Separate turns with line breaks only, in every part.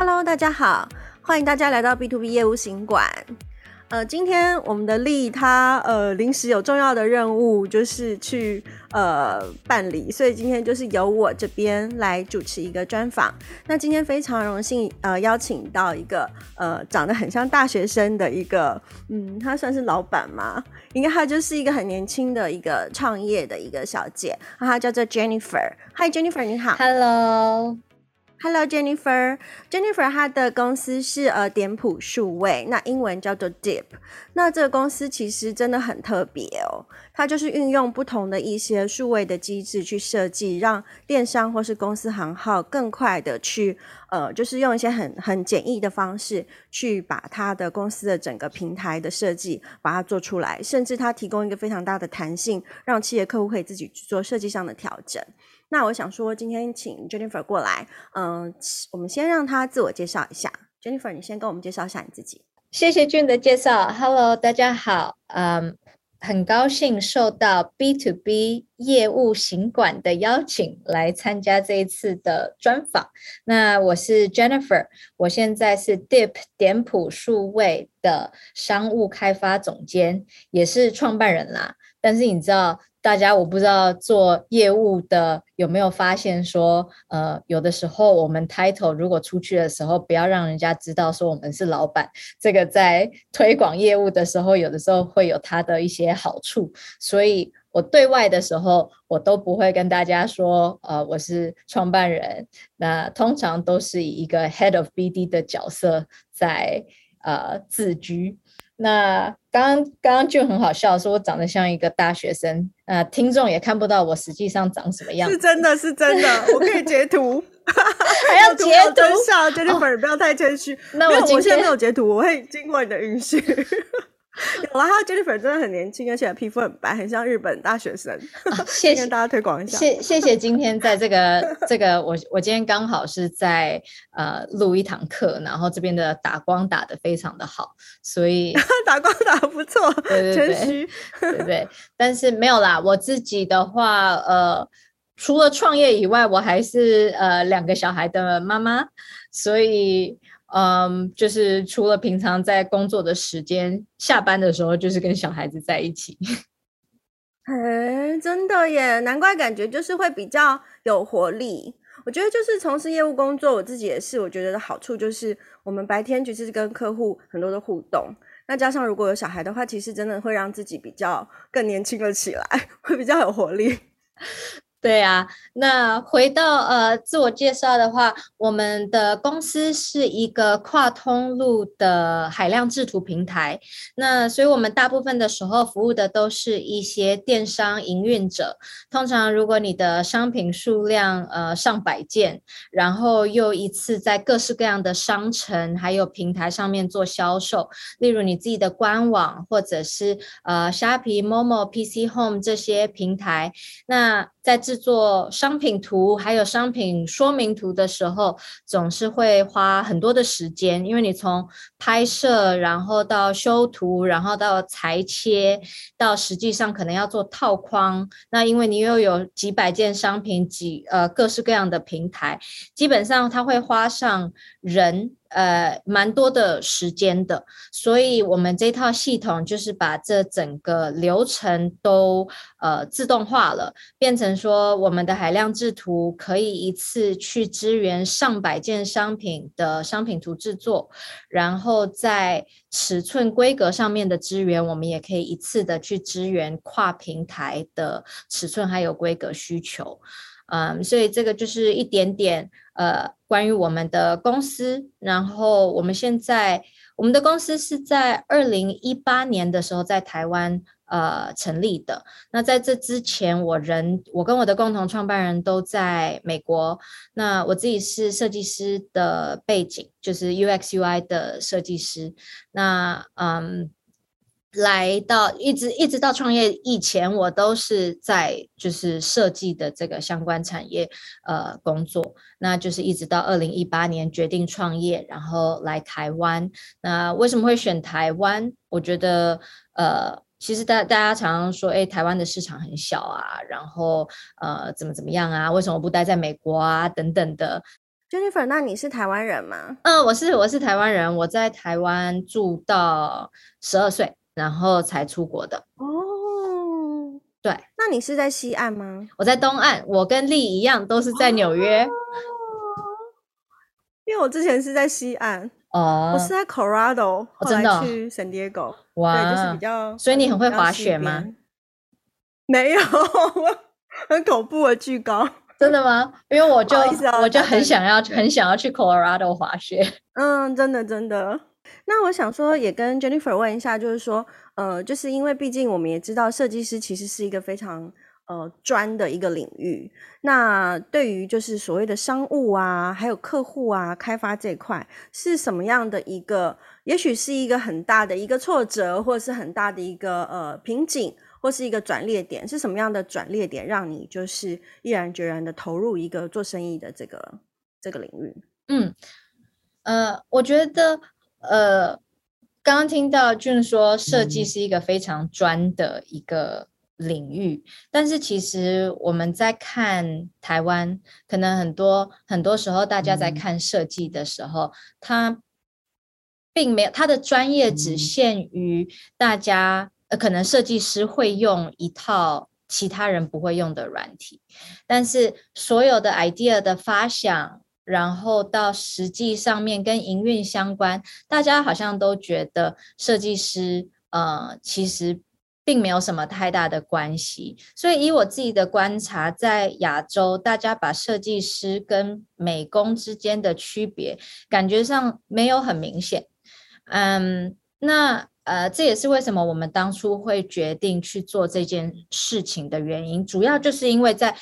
Hello，大家好，歡迎大家來到 B2B 業務行館。呃，今天我們的利他呃，臨時有重要的任務，就是去呃辦理，所以今天就是由我這邊來主持一個專訪。那今天非常榮幸呃邀請到一個呃長得很像大學生的一個，嗯，他算是老闆嗎？應該他就是一個很年輕的一個創業的一個小姐，她叫做 Jennifer。Hi Jennifer，你好。Hello。Hello Jennifer，Jennifer Jennifer 她的公司是呃點譜數位，那英文叫做 Dip，那這個公司其實真的很特別哦，它就是運用不同的一些數位的機制去設計，讓電商或是公司行號更快的去呃，就是用一些很很簡易的方式去把它的公司的整個平台的設計把它做出來，甚至它提供一個非常大的彈性，讓企業客戶可以自己去做設計上的調整。那我想說，今天請 Jennifer 過來，嗯，我們先讓她自我介紹一下。Jennifer，你先跟我們介紹一下你自己。
謝謝俊的介紹。Hello，大家好，嗯，um，很高興受到 B to B 業務行館的邀請來參加這一次的專訪。那我是 Jennifer，我現在是 Dip 點譜數位的商務開發總監，也是創辦人啦。但是你知道。大家我不知道做業務的有沒有發現說，呃，有的時候我們 title 如果出去的時候不要讓人家知道說我們是老板，這個在推廣業務的時候有的時候會有它的一些好處，所以我對外的時候我都不會跟大家說，呃，我是創辦人，那通常都是以一個 head of BD 的角色在呃自居。那剛剛剛就很好笑，說我長得像一個大學生，呃，聽眾也看不到我實際上長什麼樣子，是
真的，是真的， 我可以截圖，
還要截圖， Jennifer 不要太謙虛，哦，
那我今天沒有，我現在沒有截圖，我會經過你的允許。 有啦，還，Jennifer 真的很年輕，而且皮膚很白，很像日本大學生。啊、
謝謝大家推廣一下。謝謝今天在這個這個我我今天剛好是在呃錄一堂課，然後這邊的打光打得非常的好，所以打
光打得不錯，對對對，晨虛。對對
對。但是沒有啦，我自己的話，呃，除了創業以外，我還是呃兩個小孩的媽媽，所以。嗯，um, 就是除了平常在工作的時間，下班的時候就是跟小孩子在一起。
哎、欸，真的耶，難怪感覺就是會比較有活力。我覺得就是從事業務工作，我自己也是，我覺得的好處就是我們白天其實是跟客戶很多的互動，那加上如果有小孩的話，其實真的會讓自己比較更年輕了起來，會比較有活力。對啊，
那回到呃自我介紹的話，我們的公司是一個跨通路的海量製圖平台。那所以我們大部分的時候服務的都是一些電商營運者。通常如果你的商品數量呃上百件，然後又一次在各式各樣的商城還有平台上面做銷售，例如你自己的官網，或者是呃 Shopee、MOMO、PC Home 這些平台，那。在製作商品圖還有商品說明圖的時候，總是會花很多的時間，因為你從拍攝，然後到修圖，然後到裁切，到實際上可能要做套框。那因為你又有幾百件商品，幾呃各式各樣的平台，基本上它會花上人。呃，蠻多的時間的，所以我們這套系統就是把這整個流程都呃自動化了，變成說我們的海量製圖可以一次去支援上百件商品的商品圖製作，然後在尺寸規格上面的支援，我們也可以一次的去支援跨平台的尺寸還有規格需求，嗯，所以這個就是一點點呃。關於我們的公司，然後我們現在，我們的公司是在二零一八年的時候在台灣呃成立的。那在這之前，我人我跟我的共同創辦人都在美國。那我自己是設計師的背景，就是 UXUI 的設計師。那嗯。來到一直一直到創業以前，我都是在就是設計的這個相關產業呃工作，那就是一直到二零一八年決定創業，然後來台灣。那為什麼會選台灣？我覺得呃，其實大大家常常說，哎，台灣的市場很小啊，然後呃，怎麼怎麼樣啊？為什麼不待在美國啊？等等的。Jennifer，那你是台灣人嗎？嗯、呃，我是我是台灣人，我在台灣住到十二歲。然後才出國的哦。對，
那你是在西岸嗎？
我在東岸，我跟麗一樣
都是在紐約。哦。
因為我
之前是在西岸哦，我是在 Colorado，哦、真的、哦、後來去 San Diego、哦啊。去 哇，就是比較。所以你很會滑雪嗎？沒有， 很恐怖的巨高。
真的嗎？因為我就、啊、我就很想要是很想要去 Colorado 滑雪。嗯，
真的真的。那我想說，也跟 Jennifer 問一下，就是說，呃，就是因為畢竟我們也知道，設計師其實是一個非常呃專的一個領域。那對於就是所謂的商務啊，還有客戶啊，開發這一塊，是什麼樣的一個？也許是一個很大的一個挫折，或者是很大的一個呃瓶頸，或是一個轉捩點，是什麼樣的轉捩點，讓你就是毅然決然的投入一個做生意的這個這個領域？嗯，
呃，我覺得。呃，剛剛聽到俊說，設計是一個非常專的一個領域，嗯、但是其實我們在看台灣，可能很多很多時候，大家在看設計的時候，他、嗯、並沒有他的專業只限於大家，嗯、呃，可能設計師會用一套其他人不會用的軟體，但是所有的 idea 的發想。然後到實際上面跟營運相關，大家好像都覺得設計師呃其實並沒有什麼太大的關係。所以以我自己的觀察，在亞洲，大家把設計師跟美工之間的區別感覺上沒有很明顯。嗯，那呃這也是為什麼我們當初會決定去做這件事情的原因，主要就是因為在。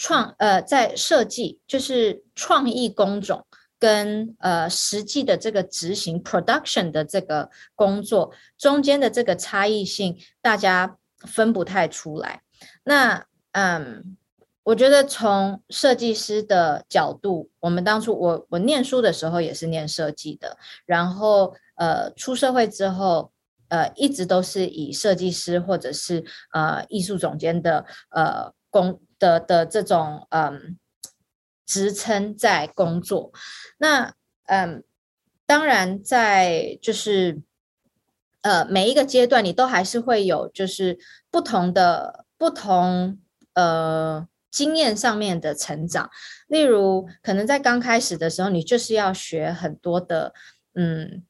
創呃，在設計就是創意工種跟呃實際的這個執行 production 的這個工作中間的這個差異性，大家分不太出來。那嗯，我覺得從設計師的角度，我們當初我我念書的時候也是念設計的，然後呃出社會之後。呃，一直都是以設計師或者是呃藝術總監的呃工的的這種嗯職稱在工作。那嗯、呃，當然在就是呃每一個階段，你都還是會有就是不同的不同呃經驗上面的成長。例如，可能在剛開始的時候，你就是要學很多的嗯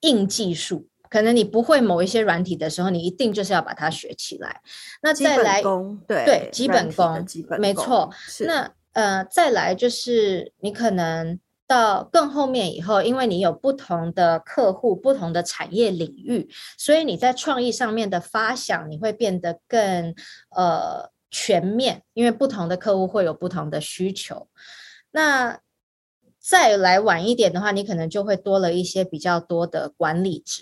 硬技術。可能你不會某一些軟體的時候，你一定就是要把它學起來。那再來，對基本功，對沒錯。那呃，再來就是你可能到更後面以後，因為你有不同的客戶、不同的產業領域，所以你在創意上面的發想，你會變得更呃全面，因為不同的客戶會有不同的需求。那再來晚一點的話，你可能就會多了一些比較多的管理職。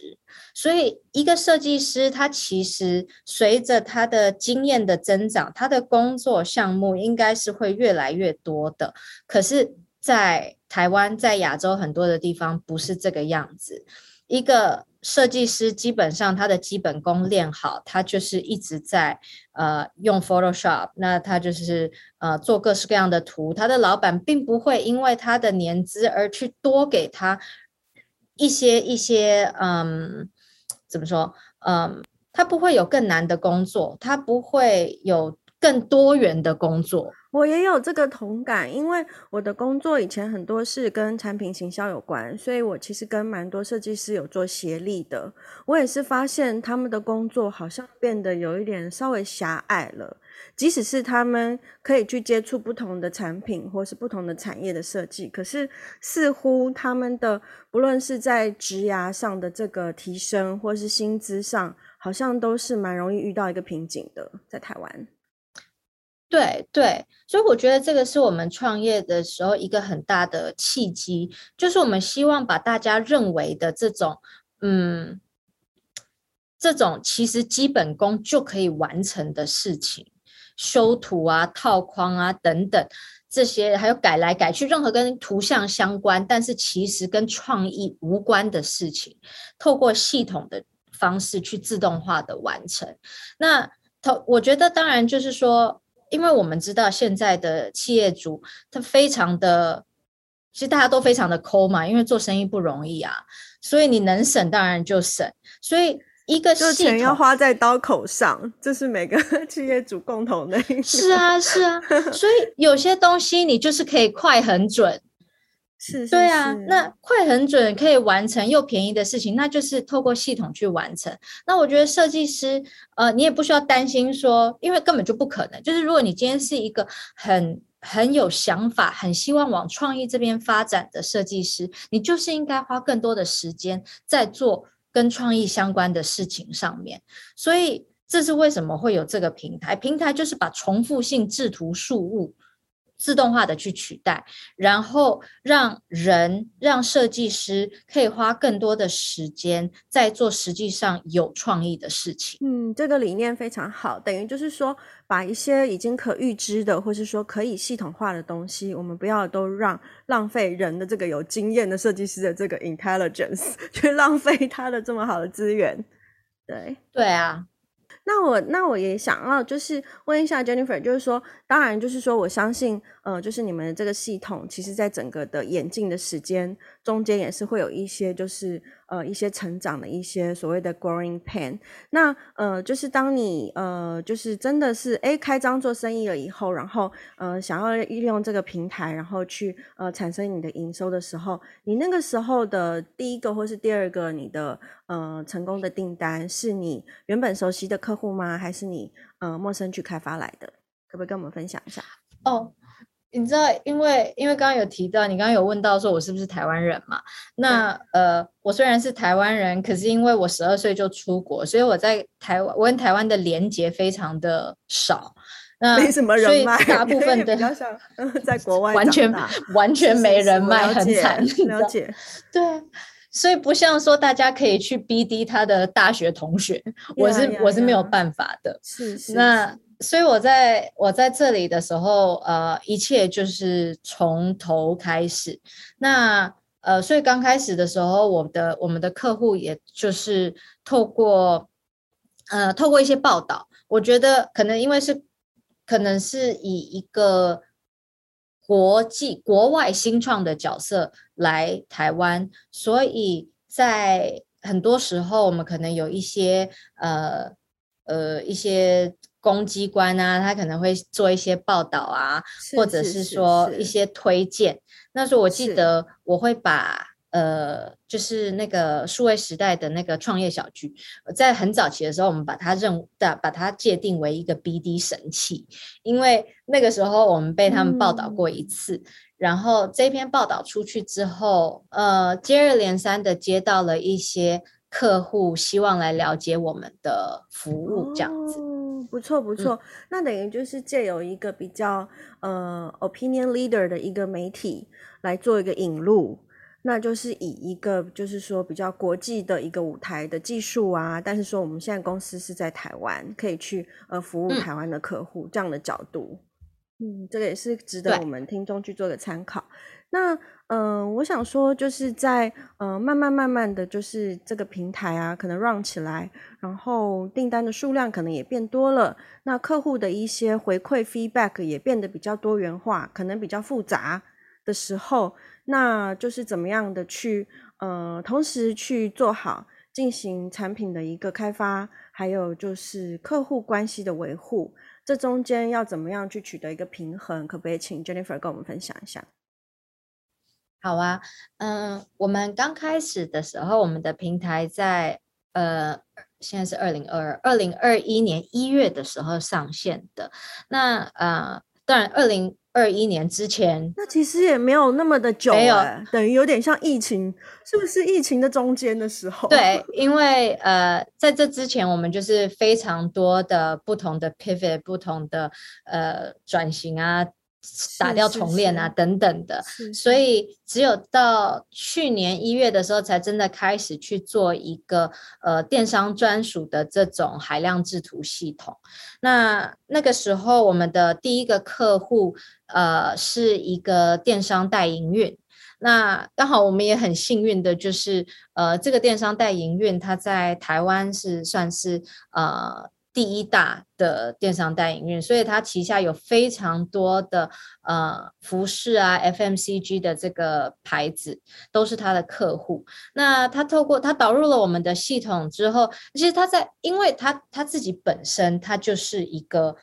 所以，一個設計師他其實隨着他的經驗的增長，他的工作項目應該是會越來越多的。可是，在台灣，在亞洲很多的地方不是這個樣子，一個。設計師基本上他的基本功練好，他就是一直在呃用 Photoshop，那他就是呃做各式各樣的圖。他的老板並不會因為他的年資而去多給他一些一些嗯怎麼說嗯，他不會有更難的工作，他不會有更多元的工作。
我也有這個同感，因為我的工作以前很多是跟產品行銷有關，所以我其實跟蠻多設計師有做協力的。我也是發現他們的工作好像變得有一點稍微狹隘了，即使是他們可以去接觸不同的產品或是不同的產業的設計，可是似乎他們的不論是在職涯上的這個提升，或是薪資上，好像都是蠻容易遇到一個瓶頸的，在台灣。
對對，所以我覺得這個是我們創業的時候一個很大的契機，就是我們希望把大家認為的這種，嗯，這種其實基本功就可以完成的事情，修圖啊、套框啊等等這些，還有改來改去任何跟圖像相關，但是其實跟創意無關的事情，透過系統的方式去自動化的完成。那它，我覺得當然就是說。因為我們知道現在的企業主他非常的，其實大家都非常的摳嘛，因為做生意不容易啊，所以你能省當然就省，所以一個錢要花在刀口上，這、
就是每個企業主共同的一個是啊是啊，是啊 所
以有些東西你就是可以快很準。對啊，是是是，那快很準，可以完成又便宜的事情，那就是透過系統去完成。那我覺得設計師，呃，你也不需要擔心說，因為根本就不可能。就是如果你今天是一個很很有想法，很希望往創意這邊發展的設計師，你就是應該花更多的時間在做跟創意相關的事情上面。所以這是為什麼會有這個平台，平台就是把重複性製圖、術物。自動化的去取代，然後讓人，讓設計師可以花更多的時間在做實際上有創意的事情。
嗯，這個理念非常好，等於就是說，把一些已經可預知的，或是說可以系統化的東西，我們不要都讓浪費人的這個有經驗的設計師的這個 intelligence 去浪費他的這麼好的資源。對，對啊。那我那我也想要就是問一下 Jennifer，就是說，當然就是說，我相信，呃，就是你們這個系統，其實在整個的演進的時間，中間也是會有一些，就是呃一些成長的一些所謂的 growing pain。那呃就是當你呃就是真的是哎開張做生意了以後，然後呃想要利用這個平台，然後去呃產生你的營收的時候，你那個時候的第一個或是第二個你的呃成功的訂單，是你原本熟悉的客戶嗎？還是你呃陌生去開發來的？可不可以跟我們分享一下？
哦。Oh. 你知道，因為因為剛剛有提到，你剛剛有問到說，我是不是台灣人嘛？那對呃，我雖然是台灣人，可是因為我十二歲就出國，所以我在台灣，我跟台灣的連結非常的少，那沒什麼人脈，所以大部分的、嗯、
在國外完全完全沒人脈，很慘，了
解？了解對，所以不像說大家可以去 BD 他的大學同學，yeah, yeah, yeah. 我是我是沒有辦法的，是是，是那。所以，我在我在這裡的時候，呃，一切就是從頭開始。那，呃，所以剛開始的時候，我的我們的客戶，也就是透過，呃，透過一些報道，我覺得可能因為是可能是以一個國際國外新創的角色來台灣，所以在很多時候，我們可能有一些呃呃一些。公機關啊，他可能會做一些報道啊，是或者是說一些推薦。那時候我記得我會把是呃，就是那個數位時代的那個創業小聚，在很早期的時候，我們把它認的把它界定為一個 BD 神器，因為那個時候我們被他們報道過一次。嗯、然後這篇報道出去之後，呃，接二連三的接到了一些客戶希望來了解我們的服務，這樣
子。哦不錯不錯，嗯、那等於就是借由一個比較呃 opinion leader 的一個媒體來做一個引入，那就是以一個就是說比較國際的一個舞台的技術啊，但是說我們現在公司是在台灣，可以去呃服務台灣的客戶，嗯、這樣的角度，嗯，這個也是值得我們聽眾去做一個參考。對那。嗯、呃，我想說就是在呃慢慢慢慢的就是這個平台啊，可能 run 起來，然後訂單的數量可能也變多了，那客戶的一些回饋 feedback 也變得比較多元化，可能比較複雜的時候，那就是怎麼樣的去呃同時去做好，進行產品的一個開發，還有就是客戶關係的維護，這中間要怎麼樣去取得一個平衡？可不可以請 Jennifer 跟我
們分享一下？好啊，嗯，我們剛開始的時候，我們的平台在呃，現在是二零二二零二一年一月的時候上線的。那呃，當然二零二一年之前，那其實也沒有那麼的久了、欸，沒有，等於有點像疫情，是不是疫情的中間的時候？對，因為呃，在這之前，我們就是非常多的不同的 pivot，不同的呃轉型啊。打掉重練啊，等等的。是所以只有到去年一月的時候，才真的開始去做一個呃電商專屬的這種海量製圖系統。那那個時候，我們的第一個客戶呃是一個電商代營運，那剛好我們也很幸運的就是呃這個電商代營運，它在台灣是算是呃。第一大的電商代營運，所以他旗下有非常多的呃服飾啊，FMCG 的這個牌子都是他的客戶。那他透過他導入了我們的系統之後，其實他在，因為他他自己本身他就是一個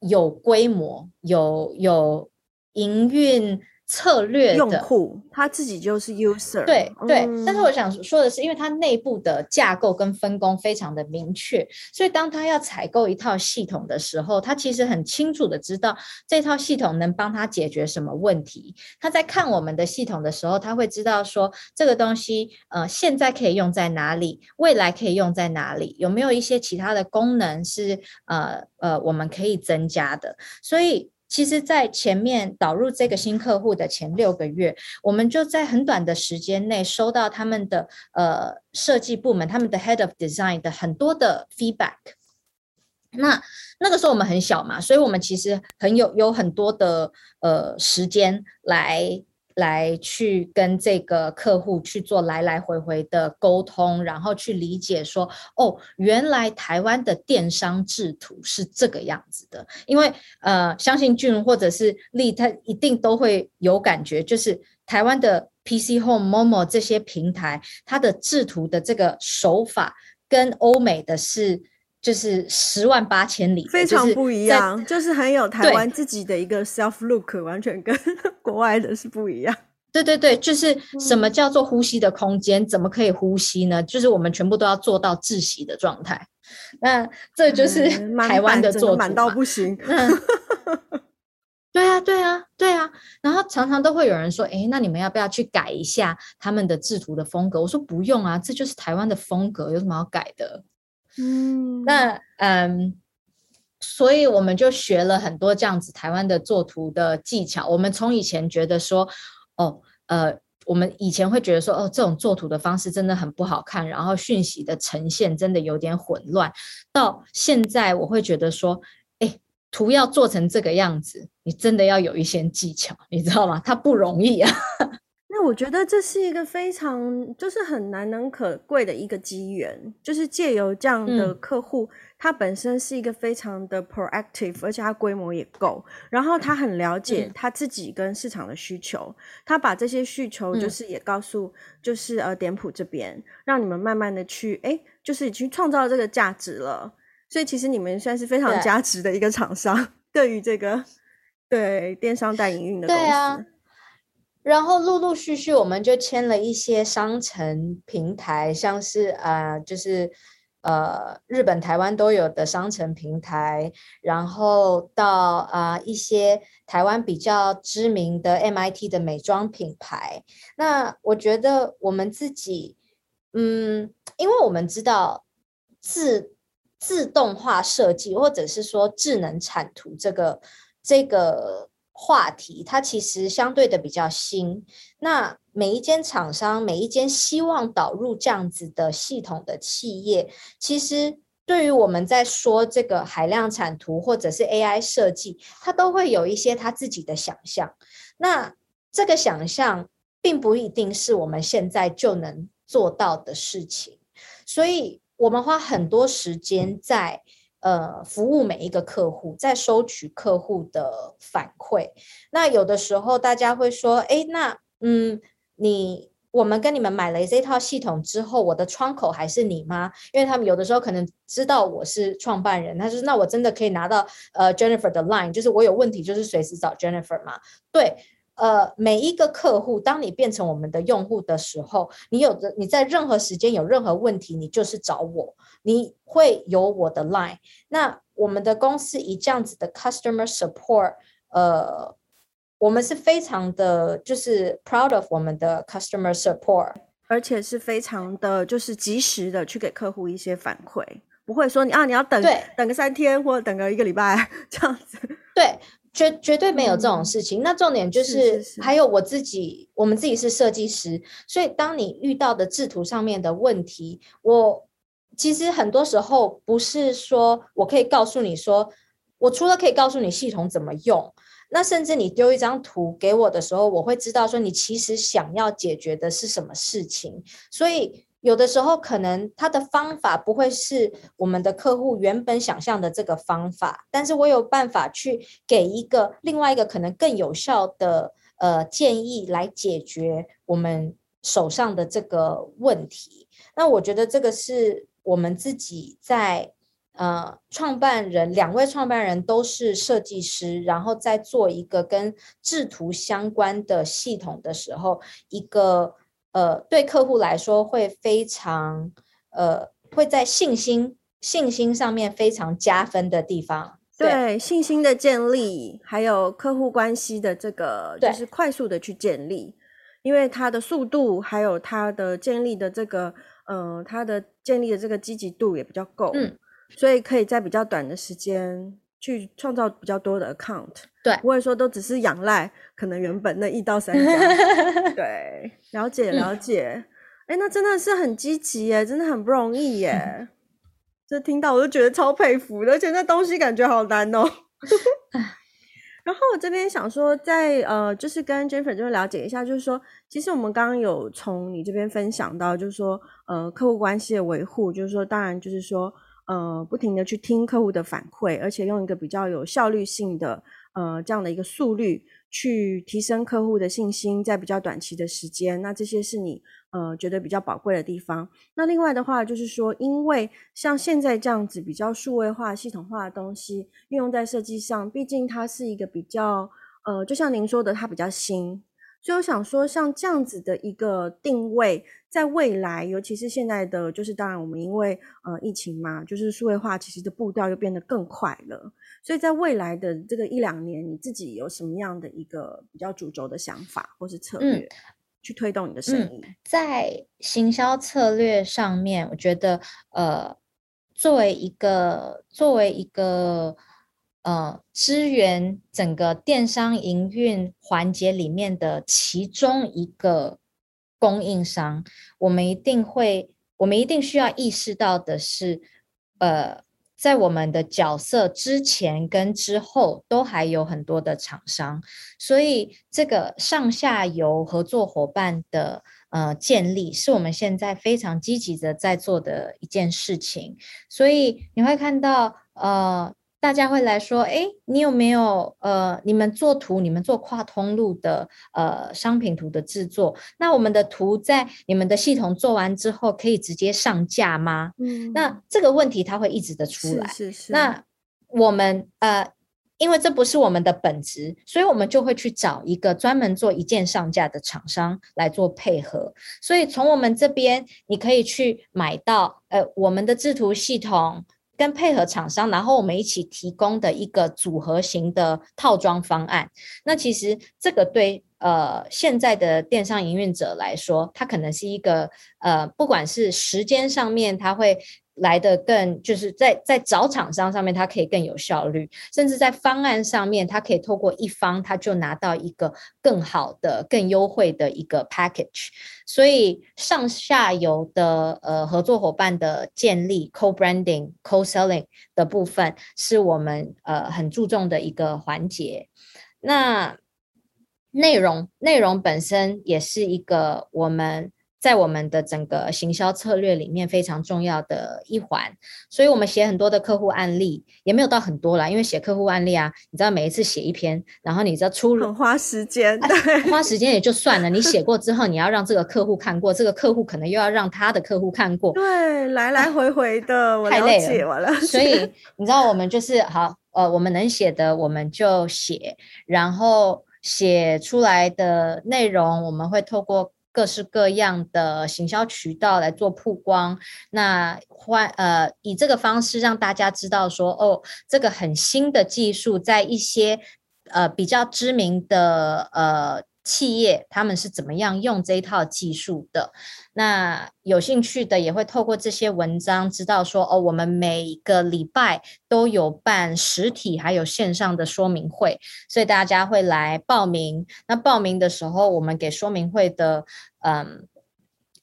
有規模、有有營運。策略的用戶，他自己就是 user，對對。對嗯，但是我想說的是，因為他內部的架構跟分工非常的明確，所以當他要採購一套系統的時候，他其實很清楚的知道這套系統能幫他解決什麼問題。他在看我們的系統的時候，他會知道說這個東西呃現在可以用在哪裡，未來可以用在哪裡，有沒有一些其他的功能是呃呃我們可以增加的。所以。其實，在前面導入這個新客戶的前六個月，我們就在很短的時間內收到他們的呃設計部門、他們的 head of design 的很多的 feedback。那那個時候我們很小嘛，所以我們其實很有有很多的呃時間來。來去跟這個客戶去做來來回回的溝通，然後去理解說，哦，原來台灣的電商制圖是這個樣子的。因為呃，相信俊或者是麗他一定都會有感覺，就是台灣的 PC Home、Momo 這些平台，它的制圖的這個手法跟歐美的是。就是十萬八千里，非常不一樣，就是，就是很有台灣自己的一個 self look，對完全跟國外的是不一樣。對對對，就是什麼叫做呼吸的空間？嗯、怎麼可以呼吸呢？就是我們全部都要做到窒息的狀態。那這就是台灣的做法。滿、嗯、到不行。 嗯，對啊，對啊，對啊。然後常常都會有人說：“哎、欸，那你們要不要去改一下他們的制圖的風格？”我說：“不用啊，這就是台灣的風格，有什麼要改的？”嗯， 那嗯，所以我們就學了很多這樣子台灣的作圖的技巧。我們從以前覺得說，哦，呃，我們以前會覺得說，哦，這種作圖的方式真的很不好看，然後訊息的呈現真的有點混亂。到現在我會覺得說，哎，圖要做成這個樣子，你真的要有一些技巧，你知道嗎？它不容易啊。
我覺得這是一個非常就是很難能可貴的一個機緣，就是借由這樣的客戶，嗯、他本身是一個非常的 proactive，而且他規模也夠，然後他很了解他自己跟市場的需求，嗯、他把這些需求就是也告訴就是呃、嗯、點譜這邊，讓你們慢慢的去哎就是已經創造這個價值了。所以其實你們算是非常價值
的一個廠商，
對, 對於這個對電商代營運的公司。
然後陸陸續續，我們就簽了一些商城平台，像是啊、呃，就是呃，日本、台灣都有的商城平台，然後到啊、呃、一些台灣比較知名的 MIT 的美妝品牌。那我覺得我們自己，嗯，因為我們知道自自動化設計或者是說智能產圖這個這個。話題它其實相對的比較新，那每一間廠商、每一間希望導入這樣子的系統的企業，其實對於我們在說這個海量產圖或者是 AI 設計，它都會有一些它自己的想象。那這個想象並不一定是我們現在就能做到的事情，所以我們花很多時間在。呃，服務每一個客戶，再收取客戶的反饋。那有的時候大家會說，哎，那嗯，你我們跟你們買了這套系統之後，我的窗口還是你嗎？因為他們有的時候可能知道我是創辦人，他說，那我真的可以拿到呃 Jennifer 的 line，就是我有問題就是隨時找 Jennifer 嘛。對。呃，每一個客戶，當你變成我們的用戶的時候，你有的你在任何時間有任何問題，你就是找我，你會有我的 Line。那我們的公司以這樣子的 Customer Support，呃，我們是非常的，就是 Proud of 我們的 Customer Support，而且是非常
的，就是及時的去給客戶一些反饋，不會說你啊你要等對等個三天
或者等個一個禮拜這樣子，對。絕絕對沒有這種事情。嗯，那重點就是，還有我自己，是是是，我們自己是設計師，所以當你遇到的製圖上面的問題，我其實很多時候不是說我可以告訴你說，我除了可以告訴你系統怎麼用，那甚至你丟一張圖給我的時候，我會知道說你其實想要解決的是什麼事情，所以。有的時候可能他的方法不會是我們的客戶原本想象的這個方法，但是我有辦法去給一個另外一個可能更有效的呃建議來解決我們手上的這個問題。那我覺得這個是我們自己在呃創辦人，兩位創辦人都是設計師，然後在做一個跟製圖相關的系統的時候一個。呃，對客戶來說會非常，呃，會在信心信心上面非常加分的地方。對，
對信心的建立，還有客戶關係的這個，就是快速的去建立，對因為它的速度，還有它的建立的這個，呃，它的建立的這個積極度也比較夠，嗯，所以可以在比較短的時間。去創造比較多的 account，對不會說都只是仰賴可能原本那一到三家。 對 了，了解了解。哎、欸，那真的是很積極耶，真的很不容易耶。 這聽到我就覺得超佩服，而且那東西感覺好難哦。 然後我這邊想說，在呃，就是跟 Jane 粉就了解一下，就是說，其實我們剛剛有從你這邊分享到，就是說，呃，客戶關係的維護，就是說，當然就是說。呃，不停地去聽客戶的反饋，而且用一個比較有效率性的呃這樣的一個速率去提升客戶的信心，在比較短期的時間，那這些是你呃覺得比較寶貴的地方。那另外的話就是說，因為像現在這樣子比較數位化、系統化的東西運用在設計上，畢竟它是一個比較呃，就像您說的，它比較新，所以我想說，像這樣子的一個定位。在未來，尤其是現在的，就是當然，我們因為呃疫情嘛，就是數位化其實的步調又變得更快了。所以在未來的這個一兩年，你自己有什麼樣的一個比較主軸的想法，或是策略，去推動你的生意？嗯
嗯。在行銷策略上面，我覺得呃，作為一個作為一個呃，支援整個電商營運環節裡面的其中一個供應商，我們一定會，我們一定需要意識到的是，呃，在我們的角色之前跟之後，都還有很多的廠商，所以這個上下游合作夥伴的呃建立，是我們現在非常積極的在做的一件事情，所以你會看到，呃。大家會來說：“哎、欸，你有沒有呃，你們做圖，你們做跨通路的呃商品圖的制作？那我們的圖在你們的系統做完之後，可以直接上架嗎？”嗯，那這個問題它會一直的出來。是是是。那我們呃，因為這不是我們的本職，所以我們就會去找一個專門做一鍵上架的廠商來做配合。所以從我們這邊，你可以去買到呃我們的制圖系統。跟配合廠商，然後我們一起提供的一個組合型的套裝方案。那其實這個對呃現在的電商營運者來說，它可能是一個呃，不管是時間上面，它會。來的更就是在在找廠商上面，它可以更有效率，甚至在方案上面，它可以透過一方，它就拿到一個更好的、更優惠的一個 package。所以，上下游的呃合作夥伴的建立、co-branding、co-selling 的部分，是我們呃很注重的一個環節。那內容內容本身也是一個我們。在我們的整個行銷策略裡面非常重要的一環，所以我們寫很多的客戶案例，嗯、也沒有到很多啦，因為寫客戶案例啊，你知道每一次寫一篇，然後你知道出很花時間，欸、對 花時間也就算了， 你寫過之後你要讓這個客戶看過，這個客戶可能又要讓他的客戶看過，對，來來回回的，嗯、我太累了。所以你知道我們就是好，呃，我們能寫的我們就寫，然後寫出來的內容我們會透過。各式各樣的行銷渠道來做曝光，那換呃以這個方式讓大家知道說，哦，這個很新的技術在一些呃比較知名的呃，企業他們是怎麼樣用這一套技術的？那有興趣的也會透過這些文章知道說哦，我們每個禮拜都有辦實體還有線上的說明會，所以大家會來報名。那報名的時候，我們給說明會的，嗯，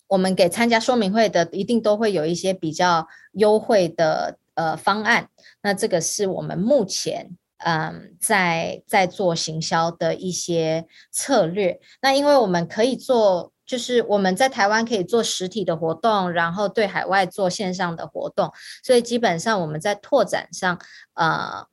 我們給參加說明會的一定都會有一些比較優惠的呃方案。那這個是我們目前。嗯，在在做行銷的一些策略。那因為我們可以做，就是我們在台灣可以做實體的活動，然後對海外做線上的活動，所以基本上我們在拓展上，呃，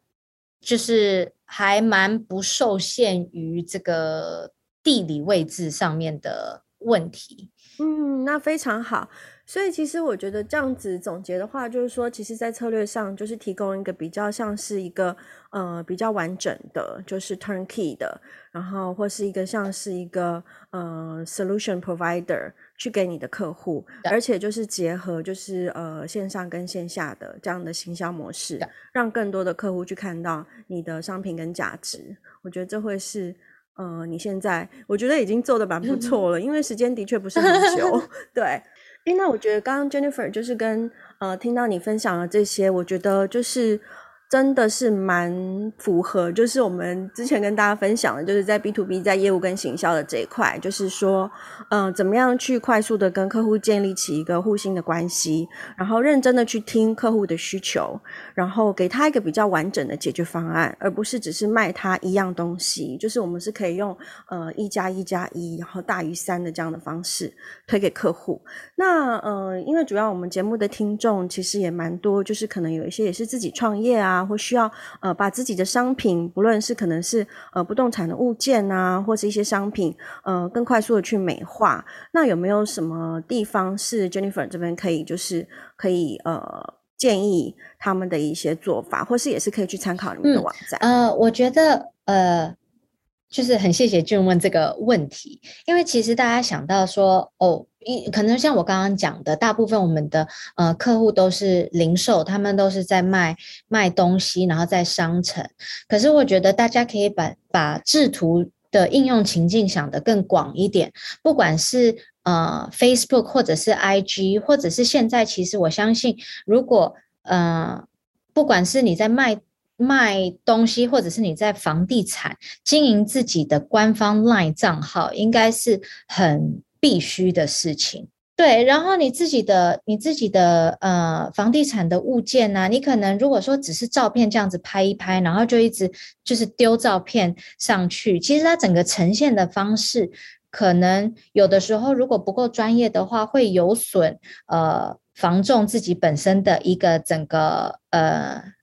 就是還蠻不受限於這個地理位置上面的問題。
嗯，那非常好。所以其實我覺得這樣子總結的話，就是說，其實，在策略上，就是提供一個比較像是一個，呃，比較完整的，就是 turnkey 的，然後或是一個像是一個，呃，solution provider 去給你的客戶，而且就是結合就是呃線上跟線下的這樣的行銷模式，讓更多的客戶去看到你的商品跟價值。我覺得這會是，呃，你現在我覺得已經做的蠻不錯了，因為時間的確不是很久， 對。那我覺得剛剛 Jennifer 就是跟呃聽到你分享了這些，我覺得就是。真的是蠻符合，就是我們之前跟大家分享的，就是在 B to B 在業務跟行銷的這一塊，就是說，嗯、呃，怎麼樣去快速的跟客戶建立起一個互信的關係，然後認真的去聽客戶的需求，然後給他一個比較完整的解決方案，而不是只是賣他一樣東西。就是我們是可以用呃一加一加一，1, 然後大於三的這樣的方式推給客戶。那呃，因為主要我們節目的聽眾其實也蠻多，就是可能有一些也是自己創業啊。或需要呃把自己的商品，不論是可能是呃不動產的物件啊，或是一些商品，呃更快速的去美化。那有沒有什麼地方是 Jennifer 這邊可以就是可以呃建議他們的一些做法，或是也是可
以去參考你們的網站？嗯，呃，我覺得呃。就是很謝謝俊問這個問題，因為其實大家想到說哦，一可能像我剛剛講的，大部分我們的呃客戶都是零售，他們都是在賣賣東西，然後在商城。可是我覺得大家可以把把製圖的應用情境想得更廣一點，不管是呃 Facebook 或者是 IG，或者是現在，其實我相信，如果呃不管是你在賣。賣東西，或者是你在房地產經營自己的官方 LINE 賬號，應該是很必須的事情。對，然後你自己的、你自己的呃房地產的物件呢、啊，你可能如果說只是照片這樣子拍一拍，然後就一直就是丟照片上去，其實它整個呈現的方式，可能有的時候如果不夠專業的話，會有損呃房仲自己本身的一個整個呃，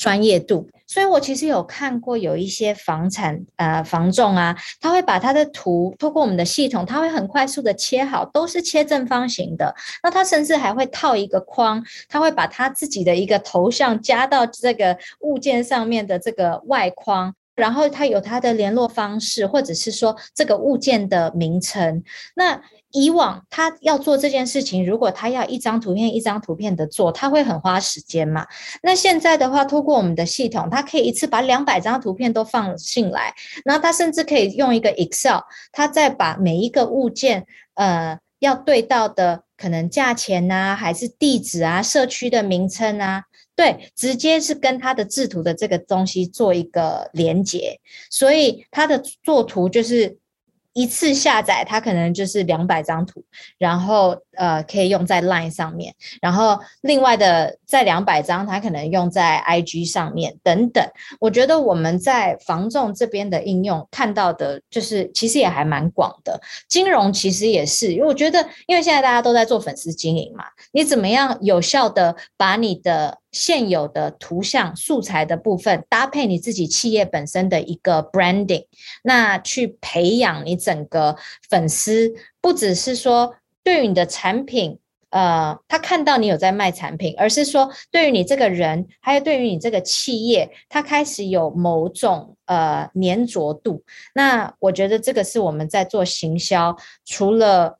專業度，所以我其實有看過有一些房產呃房仲啊，他會把他的圖透過我們的系統，他會很快速的切好，都是切正方形的。那他甚至還會套一個框，他會把他自己的一個頭像加到這個物件上面的這個外框。然後他有他的聯絡方式，或者是說這個物件的名稱。那以往他要做這件事情，如果他要一張圖片一張圖片的做，他會很花時間嘛。那現在的話，透過我們的系統，他可以一次把兩百張圖片都放進來。然後他甚至可以用一個 Excel，他再把每一個物件，呃，要對到的可能價錢啊，還是地址啊，社區的名稱啊。對，直接是跟他的製圖的這個東西做一個連接，所以他的做圖就是一次下載，他可能就是兩百張圖，然後。呃，可以用在 Line 上面，然後另外的在兩百張，它可能用在 IG 上面等等。我覺得我們在房仲這邊的應用看到的，就是其實也還蠻廣的。金融其實也是，因為我覺得，因為現在大家都在做粉絲經營嘛，你怎麼樣有效的把你的現有的圖像素材的部分搭配你自己企業本身的一個 branding，那去培養你整個粉絲，不只是說。對於你的產品，呃，他看到你有在賣產品，而是說對於你這個人，還有對於你這個企業，他開始有某種呃黏着度。那我覺得這個是我們在做行銷，除了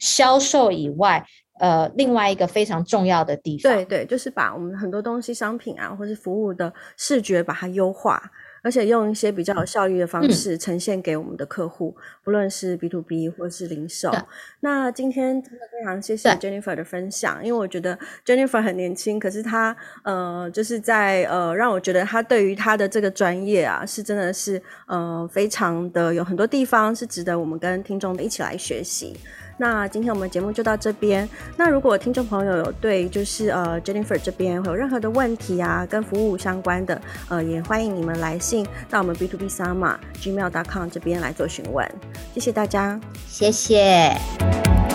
銷售以外，呃，另外一個非常重要的地方。
對對，就是把我們很多東西、商品啊，或是服務的視覺把它優化。而且用一些比較有效率的方式呈現給我們的客戶，嗯、不論是 B to B 或者是零售。對那今天真的非常謝謝 Jennifer 的分享，對因為我覺得 Jennifer 很年輕，可是她呃，就是在呃，讓我覺得她對於她的這個專業啊，是真的是呃，非常的有很多地方是值得我們跟聽眾們一起來學習。那今天我們的節目就到這邊。那如果聽眾朋友有對就是呃 Jennifer 這邊會有任何的問題啊，跟服務相關的，呃，也歡迎你們來信到我們 B to B sama Gmail dot com 這邊來做詢問。謝謝大家，謝謝。